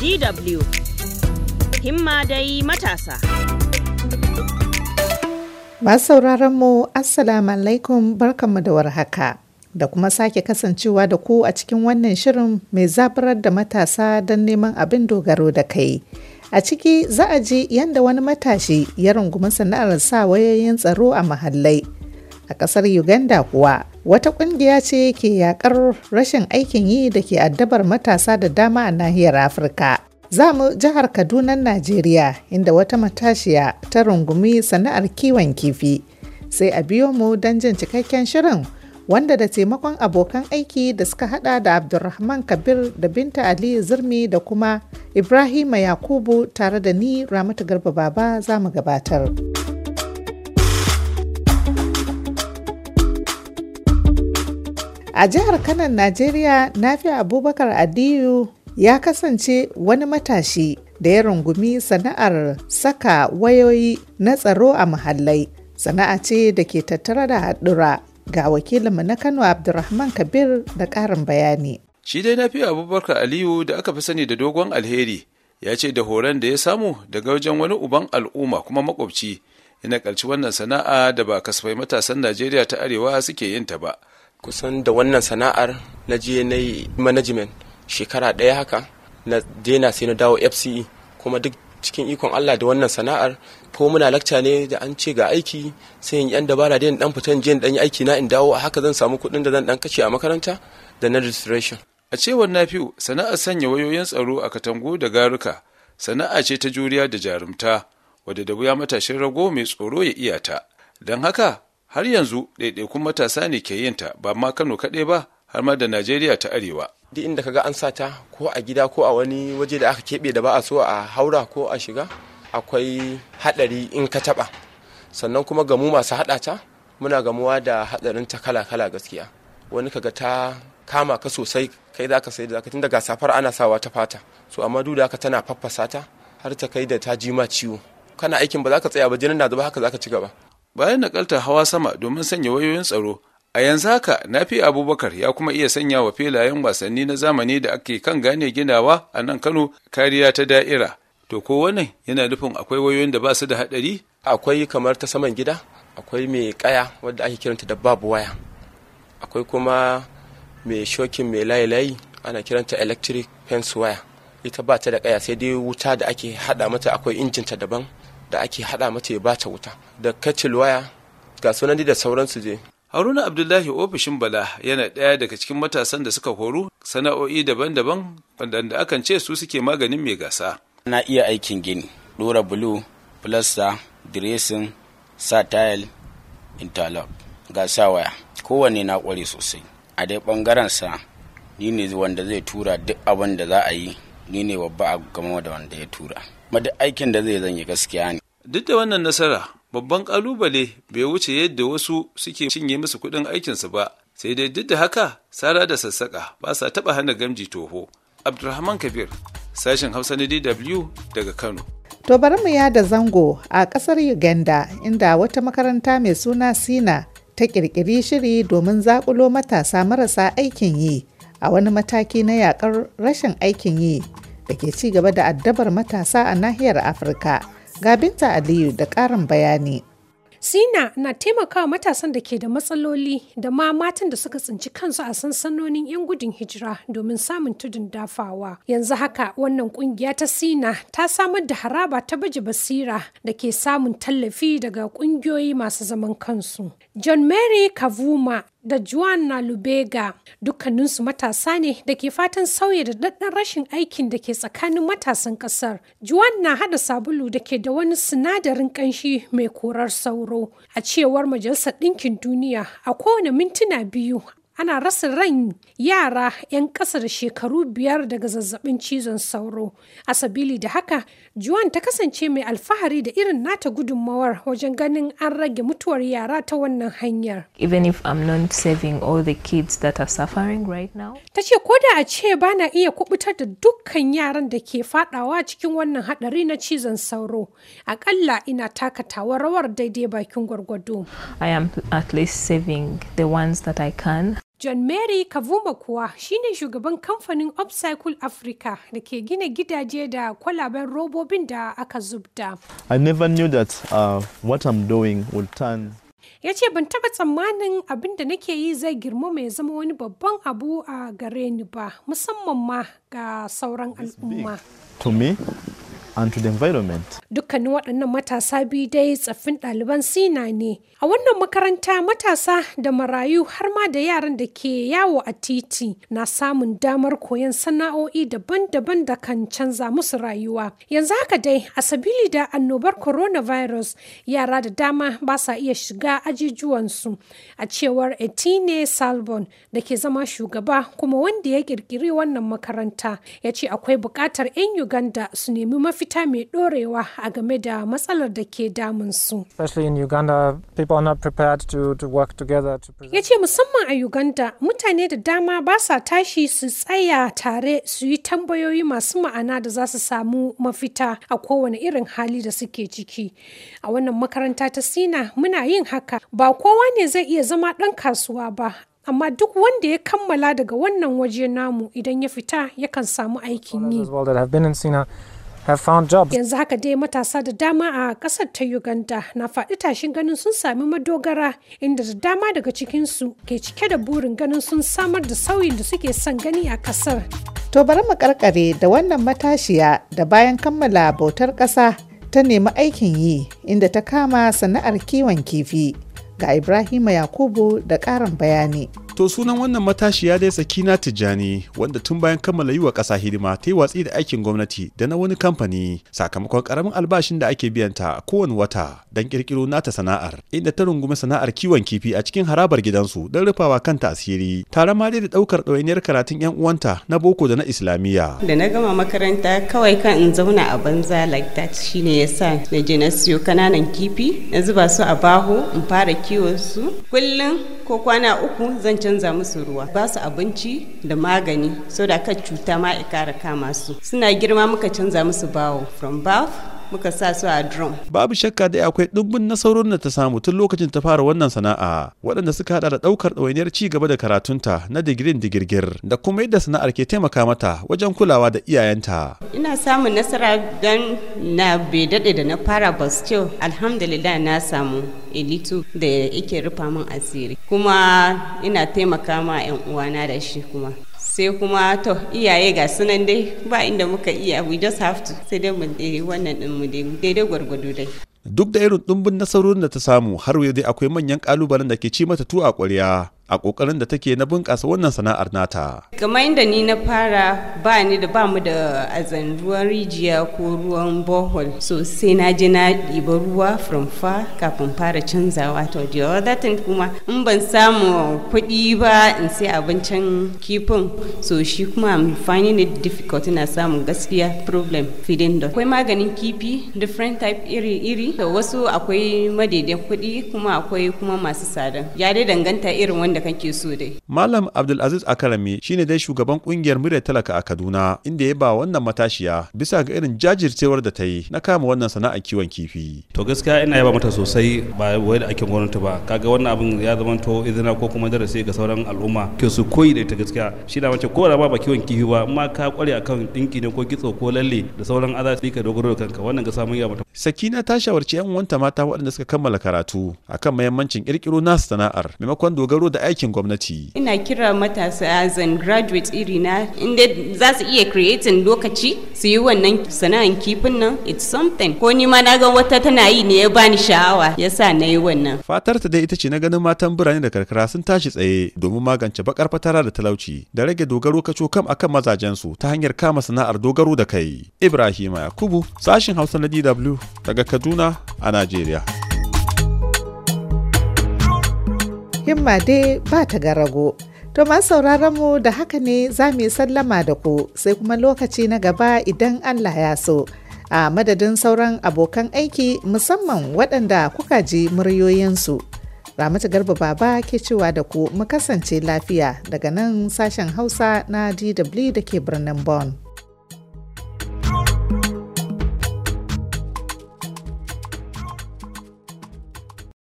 DW himma dai matasa. Masu sauraron mu Assalamu alaikum barkanmu da warhaka da kuma sake kasancewa da ku a cikin wannan shirin mai zabarar da matasa don neman abin dogaro da kai. A ciki za a ji yadda wani matashi ya rungumi sana'ar sa wayoyin tsaro a mahallai. A ƙasar Uganda kuwa wata ƙungiya ce ke yakar rashin aikin yi da ke addabar matasa da dama a nahiyar afirka za mu jihar kaduna najeriya inda wata matashiya ta rungumi sana'ar kiwon kifi sai a biyo mu don jin cikakken shirin wanda da taimakon abokan aiki da suka hada da abdulrahman kabir da binta ali zirmi da kuma ibrahima yakubu tare da ni ramatu garba baba za mu gabatar. A jihar Kanan Najeriya, Nafi Abubakar Adiyu ya kasance wani matashi da ya rungumi sana'ar saka wayoyi na tsaro a muhallai. Sana'a ce da ke tattara da haɗura. Ga wakilinmu na Kano Abdulrahman Kabir da ƙarin bayani. Shi dai Nafi Abubakar Aliyu da aka fi sani da dogon alheri ya ce da horon da ya samu daga wajen wani uban al'umma kuma makwabci. Ina ƙalci wannan sana'a da ba kasafai matasan Najeriya ta Arewa suke yin ta ba. kusan da wannan sana'ar na je na management shekara ɗaya haka na daina sai na dawo fce kuma duk cikin ikon allah da wannan sana'ar ko muna lacca ne da an ce ga aiki sai in yan dabara da dan fita je dan yi aiki na in dawo a haka zan samu kuɗin da zan dan kashe a makaranta da na registration a cewar nafiu sana'ar sanya wayoyin tsaro a katango da garuka sana'a ce ta juriya da jarumta wadda da wuya matashin rago mai tsoro ya iya ta don haka har yanzu ɗaiɗaikun matasa ne ke yinta ba ma kano kaɗai ba har ma da najeriya ta arewa duk inda kaga an sata ko a gida ko a wani waje da aka keɓe da ba a so a haura ko a shiga akwai haɗari in ka taɓa sannan kuma gamu masu haɗa ta muna gamuwa da haɗarin ta kala kala gaskiya wani kaga ta kama ka sosai kai za ka sai da tun daga safar ana sawa ta fata so amma duk da haka tana faffasa ta har ta kai da ta ji ma ciwo kana aikin ba za ka tsaya ba jinin na zuba haka za ka ci gaba bayan nakaltar hawa sama domin sanya wayoyin tsaro a yanzu haka na fi abubakar ya kuma iya sanya wa filayen wasanni na zamani da ake kan gane ginawa a nan kano kariya ta da'ira to ko wannan yana nufin akwai wayoyin da ba su da hadari akwai kamar ta saman gida akwai mai kaya wadda ake kiranta da babu waya akwai kuma mai shokin mai layi-layi ana kiranta electric fence wire ita ba ta da kaya sai dai wuta da ake hada mata akwai injinta daban da ake hada mata ya bata wuta da kacil waya ga sunan da sauransu je haruna abdullahi ofishin bala yana ɗaya daga cikin matasan da suka horu sana'o'i daban-daban wanda akan ce su suke maganin mai gasa ana iya aikin gini ɗora bulu filasta diresin sa tile interlock gasa waya kowanne na ƙware sosai a dai ɓangaren sa ni ne wanda zai tura duk abin da za a yi ni ne babba a game da wanda ya tura ma aikin da zai zanyi gaskiya ne duk da wannan nasara babban ƙalubale bai wuce yadda wasu suke cinye musu kuɗin aikinsu ba sai dai duk da haka sara da Sassaƙa ba sa taɓa hana gamji toho abdulrahman kabir sashen hausa na dw daga kano to bari mu yada zango a ƙasar uganda inda wata makaranta mai suna sina ta ƙirƙiri shiri domin zaƙulo matasa marasa aikin yi a wani mataki na yaƙar rashin aikin yi da ke ci gaba da addabar matasa a nahiyar Afirka. Ga Binta Aliyu da ƙarin bayani. Sina na taimakawa matasan da ke da matsaloli da ma matan da suka tsinci kansu a sansanonin 'yan gudun hijira domin samun tudun dafawa. Yanzu haka wannan kungiya ta Sina ta samar da haraba ta baje basira da ke samun tallafi daga kungiyoyi masu zaman kansu. John Mary Kavuma da Juan Lubega dukkaninsu matasa ne da ke fatan sauya da daddan rashin aikin da ke tsakanin matasan kasar. Juan na hada sabulu da ke da wani sinadarin kanshi mai korar sauro. A cewar Majalisar Ɗinkin Duniya a kowane mintuna biyu ana rasa ran yara 'yan ƙasa da shekaru biyar daga zazzabin cizon sauro a sabili da haka juan ta kasance mai alfahari da irin nata gudunmawar wajen ganin an rage mutuwar yara ta wannan hanyar even if i'm not saving all the kids that are suffering right now ta ce ko da a ce ba na iya kubutar da dukkan yaran da ke fadawa cikin wannan hadari na cizon sauro akalla ina takatawa rawar daidai bakin gwargwado i am at least saving the ones that i can John Mary Kavuma kuwa shine shugaban kamfanin Upcycle Africa da ke gina gidaje da kwalaben robobin da aka zubta. I never knew that uh, what I'm doing will turn ya ce ban taba tsammanin abin da nake yi zai girma mai zama wani babban abu a gare ni ba musamman ma ga sauran al'umma. To me, and to the environment. Dukkanin waɗannan matasa biyu dai tsaffin ɗaliban Sina ne. A wannan makaranta matasa da marayu har ma da yaran da ke yawo a titi na samun damar koyon sana'o'i daban-daban da kan canza musu rayuwa. Yanzu haka dai a sabili da annobar coronavirus yara da dama ba sa iya shiga ajijuwansu a cewar Etine Salbon da ke zama shugaba kuma wanda ya kirkiri wannan makaranta ya ce akwai buƙatar 'yan Uganda su nemi mafita mafita mai ɗorewa a game da matsalar da ke damunsu. Ya ce musamman a Uganda mutane da dama ba sa tashi su tsaya tare su yi tambayoyi masu ma'ana da za su samu mafita a kowane irin hali da suke ciki. A wannan makaranta ta Sina muna yin haka ba kowa ne zai iya zama ɗan kasuwa ba amma duk wanda ya kammala daga wannan waje namu idan ya fita yakan samu aikin yi. have found jobs. Yanzu haka dai matasa da dama a ƙasar ta Uganda na faɗi tashin ganin sun sami madogara inda da dama daga cikinsu ke cike da burin ganin sun samar da sauyin da suke son gani a ƙasar. To bari mu karkare da wannan matashiya da bayan kammala bautar ƙasa ta nemi aikin yi inda ta kama sana'ar kiwon kifi ga Ibrahima Yakubu da ƙarin bayani. To sunan wannan matashiya dai na Tijjani wanda tun bayan kammala yi wa ƙasa hidima ta yi watsi da aikin gwamnati da na wani kamfani sakamakon ƙaramin albashin da ake biyanta kowane wata don ƙirƙiro nata sana'ar inda ta rungumi sana'ar kiwon kifi a cikin harabar gidansu don rufawa kanta asiri tare ma dai da ɗaukar ɗawainiyar karatun 'yan uwanta na boko da na islamiyya. Da na gama makaranta kawai kan in zauna a banza like that shine yasa na je na siyo kananan kifi na zuba su a baho in fara kiwon su kullum ko kwana uku zan canza musu ruwa ba su abinci da magani so da kan cuta ma kara kama su suna girma muka canza musu bawo from bath muka sa su a drum. Babu shakka da akwai dubbin nasarorin da ta samu tun lokacin ta fara wannan sana'a waɗanda suka hada da ɗaukar ɗawainiyar ci gaba da karatunta na digirin digirgir da kuma yadda sana'ar ke taimaka mata wajen kulawa da iyayenta. Ina samun nasara don na bai daɗe da na fara ba alhamdulillah na samu elitu da yake rufa min asiri kuma ina taimaka ma 'yan uwana da shi kuma. sai kuma to iyaye ga sunan dai ba inda muka iya we just have to sai dai mu wannan din mu daidai gwargwado dai duk da irin dumbin nasarorin da ta samu har yau dai akwai manyan kalubalen da ke ci mata tuwa ƙwarya a kokarin da take na bunƙasa wannan sana'ar nata. Kamar yadda ni na fara ba ni da ba mu da azan ruwan rijiya ko ruwan bohol so sai na je na ɗiba ruwa from far kafin fara canzawa to the other thing kuma in ban samu kuɗi ba in sai abincin kifin so shi kuma amfani finding it difficult na samun gaskiya problem feeding dot. Akwai maganin kifi different type iri-iri Da wasu akwai madaidai kuɗi kuma akwai kuma masu tsada ya dai danganta irin wanda da kake so dai. Malam Abdulaziz Akarami shine dai shugaban kungiyar murya talaka a Kaduna inda ya ba wannan matashiya bisa ga irin jajircewar da ta yi na kama wannan sana'a kiwon kifi. To gaskiya ina yaba mata sosai ba wai da ake gwamnati ba kaga wannan abin ya zama to izina ko kuma darasi ga sauran al'umma ke su koyi da ita gaskiya shi na mace ko da ba kiwon kifi ba amma ka kware akan dinki ne ko kitso ko lalle da sauran azaci ka dogaro da kanka wannan ga samun yaba mata. Sakina ta shawarci 'yan uwanta mata waɗanda suka kammala karatu akan mahimmancin kirkiro nasu sana'ar maimakon dogaro da aikin gwamnati. Ina kira matasa as an graduate iri na inda za su iya creating lokaci su yi wannan sana'an kifin nan it's something. Ko ni ma na ga wata tana yi ne ya bani sha'awa ya sa na yi wannan. Fatar ta dai ita ce na ganin matan birane da karkara sun tashi tsaye domin magance bakar fatara da talauci da rage dogaro kaco kam akan mazajensu ta hanyar kama sana'ar dogaro da kai. Ibrahima Yakubu sashin Hausa na DW daga Kaduna a Najeriya. himma dai ba ta garago. To ma sauraron mu da haka ne za mu yi sallama da ku sai kuma lokaci na gaba idan Allah ya so. A madadin sauran abokan aiki musamman waɗanda kuka ji muryoyinsu. Ramatu Garba Baba ke cewa da ku mu kasance lafiya daga nan sashen Hausa na DW da ke birnin Bonn.